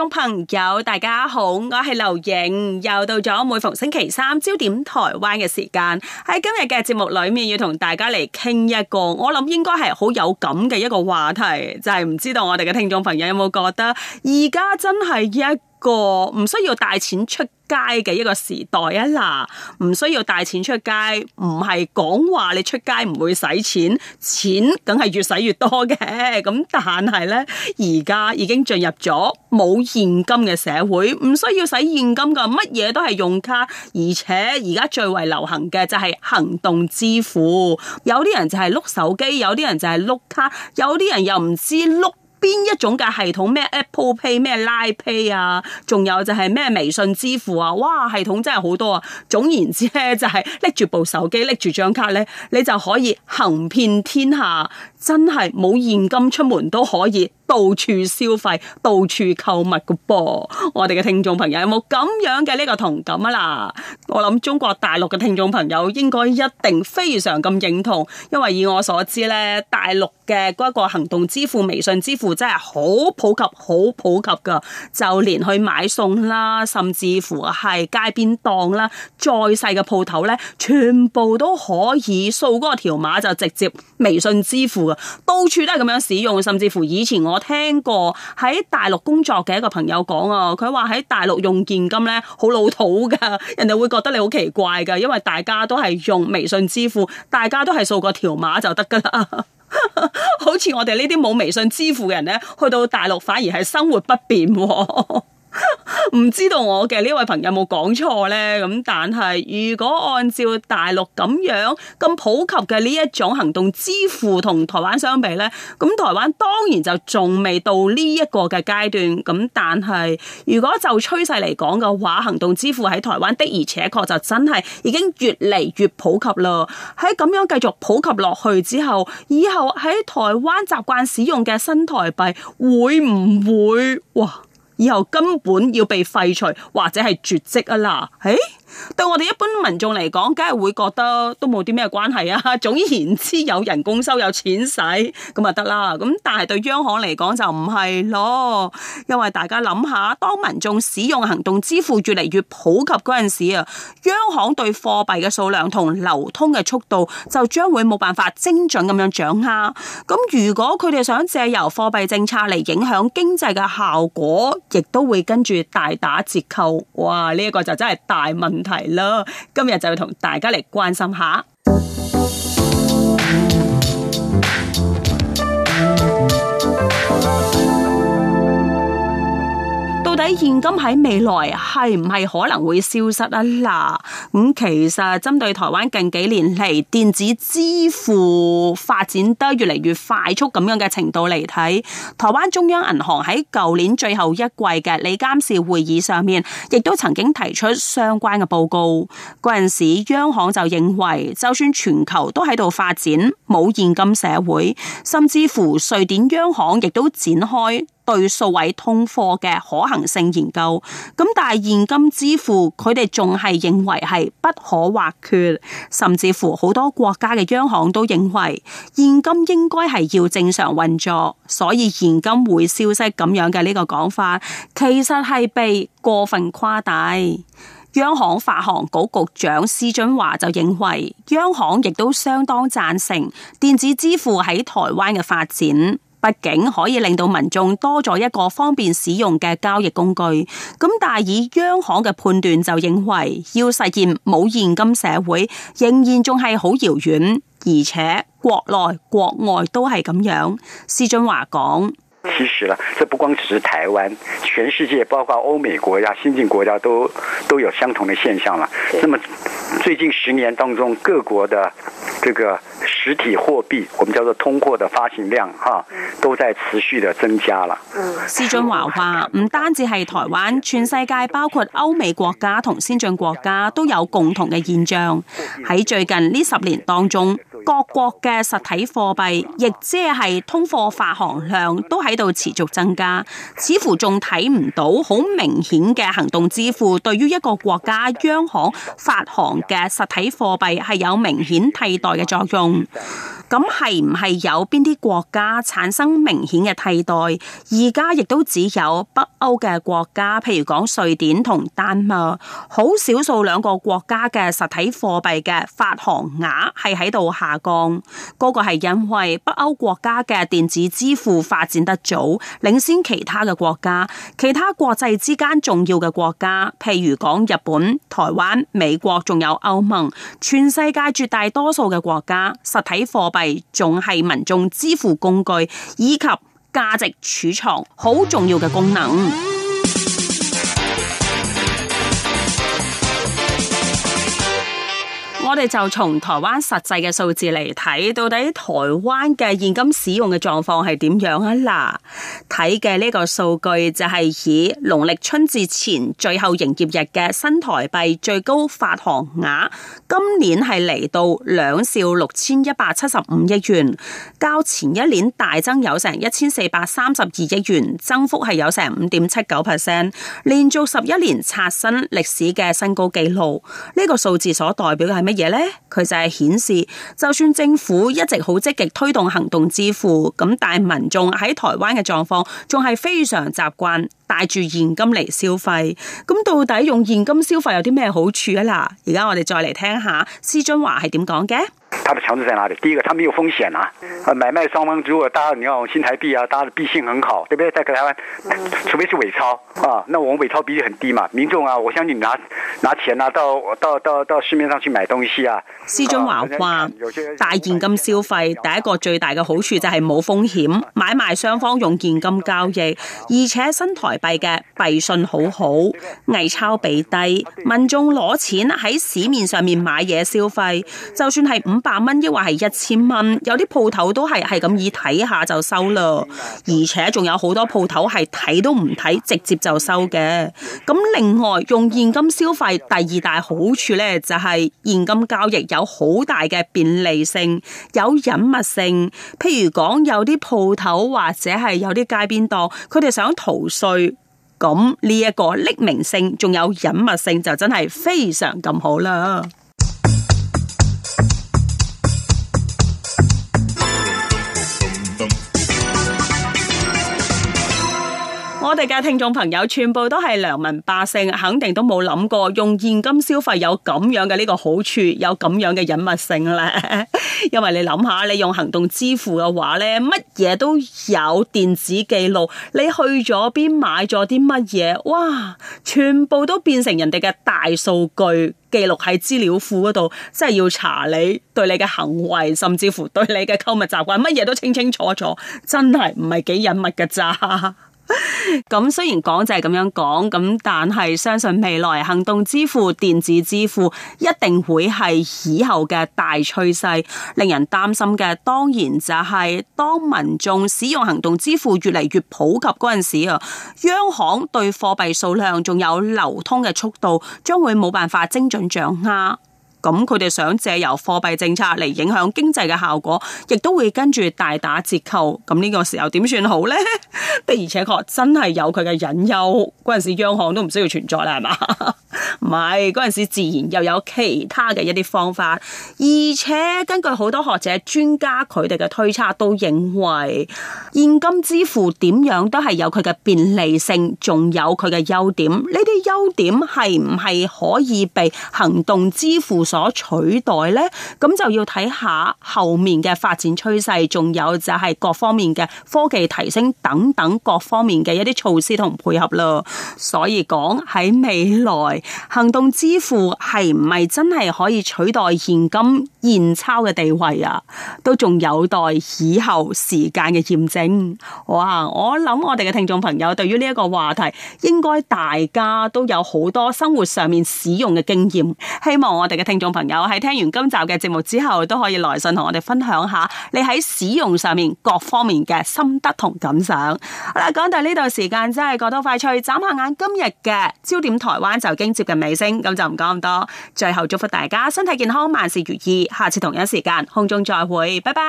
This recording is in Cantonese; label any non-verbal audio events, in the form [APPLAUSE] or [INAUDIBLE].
聽眾朋友，大家好，我係劉瑩，又到咗每逢星期三焦點台灣嘅時間。喺今日嘅節目裏面，要同大家嚟傾一個，我諗應該係好有感嘅一個話題，就係、是、唔知道我哋嘅聽眾朋友有冇覺得，而家真係一個唔需要帶錢出街嘅一個時代啊嗱，唔需要帶錢出街，唔係講話你出街唔會使錢，錢梗係越使越多嘅。咁但係呢，而家已經進入咗冇現金嘅社會，唔需要使現金㗎，乜嘢都係用卡。而且而家最為流行嘅就係行動支付，有啲人就係碌手機，有啲人就係碌卡，有啲人又唔知碌。邊一種嘅系統咩 Apple Pay 咩 Line Pay 啊，仲有就係咩微信支付啊，哇系統真係好多啊！總言之咧，就係拎住部手機，拎住張卡咧，你就可以行遍天下。真係冇現金出門都可以到處消費、到處購物噶噃！我哋嘅聽眾朋友有冇咁樣嘅呢個同感啊嗱？我諗中國大陸嘅聽眾朋友應該一定非常咁認同，因為以我所知咧，大陸嘅嗰個行動支付、微信支付真係好普及、好普及噶，就連去買餸啦，甚至乎係街邊檔啦，再細嘅鋪頭咧，全部都可以掃嗰個條碼就直接微信支付到處都係咁樣使用，甚至乎以前我聽過喺大陸工作嘅一個朋友講啊，佢話喺大陸用現金咧好老土噶，人哋會覺得你好奇怪噶，因為大家都係用微信支付，大家都係掃個條碼就得噶啦， [LAUGHS] 好似我哋呢啲冇微信支付嘅人咧，去到大陸反而係生活不便。 [LAUGHS] 唔知道我嘅呢位朋友有冇講錯咧？咁但係如果按照大陸咁樣咁普及嘅呢一種行動支付，同台灣相比咧，咁台灣當然就仲未到呢一個嘅階段。咁但係如果就趨勢嚟講嘅話，行動支付喺台灣的而且確就真係已經越嚟越普及啦，喺咁樣繼續普及落去之後，以後喺台灣習慣使用嘅新台幣會唔會哇？以後根本要被廢除或者係絕迹啊啦，誒、哎。對我哋一般民眾嚟講，梗係會覺得都冇啲咩關係啊。總而言之，有人工收有錢使咁咪得啦。咁但係對央行嚟講就唔係咯，因為大家諗下，當民眾使用行動支付越嚟越普及嗰陣時啊，央行對貨幣嘅數量同流通嘅速度就將會冇辦法精準咁樣掌握。咁如果佢哋想借由貨幣政策嚟影響經濟嘅效果，亦都會跟住大打折扣。哇！呢一個就真係大問題。係咯，今日就同大家嚟關心下。現金喺未來係唔係可能會消失啊？嗱，咁其實針對台灣近幾年嚟，電子支付發展得越嚟越快速咁樣嘅程度嚟睇，台灣中央銀行喺舊年最後一季嘅理監事會議上面，亦都曾經提出相關嘅報告。嗰陣時央行就認為，就算全球都喺度發展冇現金社會，甚至乎瑞典央行亦都展開。對數位通貨嘅可行性研究，咁但係現金支付，佢哋仲係認為係不可或缺，甚至乎好多國家嘅央行都認為現金應該係要正常運作，所以現金會消失咁樣嘅呢個講法，其實係被過分誇大。央行發行局局長施俊華就認為，央行亦都相當贊成電子支付喺台灣嘅發展。畢竟可以令到民眾多咗一個方便使用嘅交易工具，咁但係以央行嘅判斷就認為，要實現冇現金社會仍然仲係好遙遠，而且國內國外都係咁樣。施俊華講。其實呢這不光只是台灣，全世界包括歐美國家、先進國家都都有相同的現象啦。咁啊，最近十年當中，各國的這個實體貨幣，我們叫做通貨的發行量，哈，都在持續的增加了。施俊華話，唔單止係台灣，全世界包括歐美國家同先進國家都有共同嘅現象。喺最近呢十年當中。各國嘅實體貨幣，亦即係通貨發行量，都喺度持續增加，似乎仲睇唔到好明顯嘅行動支付對於一個國家央行發行嘅實體貨幣係有明顯替代嘅作用。咁係唔係有邊啲國家產生明顯嘅替代？而家亦都只有北歐嘅國家，譬如講瑞典同丹麥，好少數兩個國家嘅實體貨幣嘅發行額係喺度下降。嗰個係因為北歐國家嘅電子支付發展得早，領先其他嘅國家。其他國際之間重要嘅國家，譬如講日本、台灣、美國，仲有歐盟，全世界絕大多數嘅國家實體貨幣。仲係民眾支付工具，以及價值儲藏好重要嘅功能。我哋就從台灣實際嘅數字嚟睇，到底台灣嘅現金使用嘅狀況係點樣啊？嗱，睇嘅呢個數據就係以農曆春節前最後營業日嘅新台幣最高發行額，今年係嚟到兩兆六千一百七十五億元，較前一年大增有成一千四百三十二億元，增幅係有成五點七九 percent，連續十一年刷新歷史嘅新高紀錄。呢個數字所代表嘅係乜？嘢咧，佢就係顯示，就算政府一直好積極推動行動支付，咁但係民眾喺台灣嘅狀況仲係非常習慣帶住現金嚟消費。咁到底用現金消費有啲咩好處啊？嗱，而家我哋再嚟聽下施俊華係點講嘅。他的強處在哪裡？第一個，他沒有風險啊。啊，買賣雙方如果搭，你要新台幣啊，搭的幣性很好，對不對？在台灣，除非是偽鈔啊，那我們偽鈔比例很低嘛。民眾啊，我相信拿拿錢啊，到到到到市面上去買東西啊。施俊華話：大現金消費第一個最大嘅好處就係冇風險，買賣雙方用現金交易，而且新台幣嘅幣信好好，偽鈔比低，民眾攞錢喺市面上面買嘢消費，就算係五百。百蚊抑或係一千蚊，有啲鋪頭都係係咁易睇下就收嘞。而且仲有好多鋪頭係睇都唔睇，直接就收嘅。咁另外用現金消費第二大好處呢，就係現金交易有好大嘅便利性，有隱密性。譬如講，有啲鋪頭或者係有啲街邊檔，佢哋想逃稅，咁呢一個匿名性仲有隱密性就真係非常咁好啦。我哋嘅聽眾朋友全部都係良民百姓，肯定都冇諗過用現金消費有咁樣嘅呢個好處，有咁樣嘅隱密性咧。 [LAUGHS] 因為你諗下，你用行動支付嘅話呢，乜嘢都有電子記錄，你去咗邊買咗啲乜嘢，哇，全部都變成人哋嘅大數據記錄喺資料庫嗰度，即係要查你，對你嘅行為，甚至乎對你嘅購物習慣，乜嘢都清清楚楚，真係唔係幾隱密㗎咋。咁 [LAUGHS] 雖然講就係咁樣講，咁但係相信未來行動支付、電子支付一定會係以後嘅大趨勢。令人擔心嘅，當然就係當民眾使用行動支付越嚟越普及嗰陣時啊，央行對貨幣數量仲有流通嘅速度，將會冇辦法精準掌握。咁佢哋想借由貨幣政策嚟影響經濟嘅效果，亦都會跟住大打折扣。咁呢個時候點算好呢？的而且確真係有佢嘅隱憂，嗰陣時央行都唔需要存在啦，係嘛？唔係嗰陣時，自然又有其他嘅一啲方法，而且根據好多學者、專家佢哋嘅推測，都認為現金支付點樣都係有佢嘅便利性，仲有佢嘅優點。呢啲優點係唔係可以被行動支付所取代咧？咁就要睇下後面嘅發展趨勢，仲有就係各方面嘅科技提升等等各方面嘅一啲措施同配合咯。所以講喺未來。行動支付係唔係真係可以取代現金？現鈔嘅地位啊，都仲有待以後時間嘅驗證。哇！我諗我哋嘅聽眾朋友對於呢一個話題，應該大家都有好多生活上面使用嘅經驗。希望我哋嘅聽眾朋友喺聽完今集嘅節目之後，都可以來信同我哋分享下你喺使用上面各方面嘅心得同感想。好啦，講到呢度時間真係過得快脆，眨下眼，眼今日嘅焦點台灣就已經接近尾聲，咁就唔講咁多。最後祝福大家身體健康，萬事如意。下次同樣時間空中再會，拜拜。